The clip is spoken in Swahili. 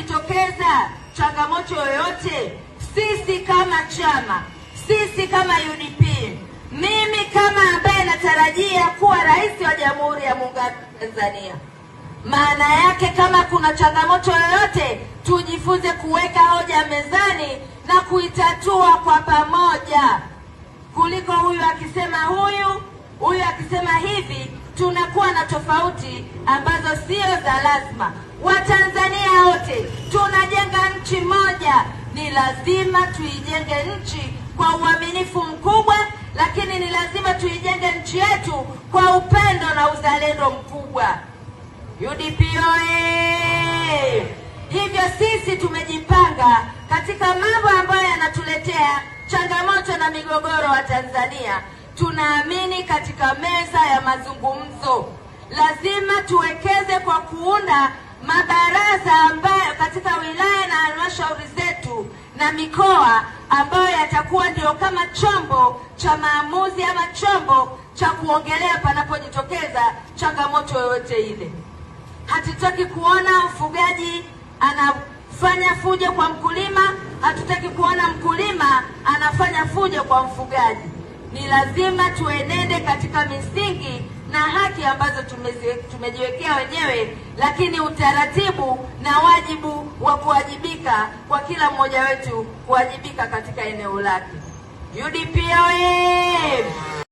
itakapojitokeza changamoto yoyote, sisi kama chama, sisi kama UDP, mimi kama ambaye natarajia kuwa rais wa Jamhuri ya Muungano wa Tanzania, maana yake kama kuna changamoto yoyote, tujifunze kuweka hoja mezani na kuitatua kwa pamoja, kuliko huyu akisema huyu huyu akisema hivi, tunakuwa na tofauti ambazo sio za lazima. Watanzania wote nchi moja, ni lazima tuijenge nchi kwa uaminifu mkubwa, lakini ni lazima tuijenge nchi yetu kwa upendo na uzalendo mkubwa. UDP oye! Hivyo sisi tumejipanga katika mambo ambayo yanatuletea changamoto na migogoro wa Tanzania. Tunaamini katika meza ya mazungumzo, lazima tuwekeze kwa kuunda mabaraza ambayo na mikoa ambayo yatakuwa ndio kama chombo cha maamuzi ama chombo cha kuongelea panapojitokeza changamoto yoyote ile. Hatutaki kuona mfugaji anafanya fujo kwa mkulima, hatutaki kuona mkulima anafanya fujo kwa mfugaji. Ni lazima tuenende katika misingi na haki ambazo tumejiwekea wenyewe, lakini utaratibu na wajibu wa kuwajibika kuwajibika kwa kila mmoja wetu kuwajibika katika eneo lake. UDP oye!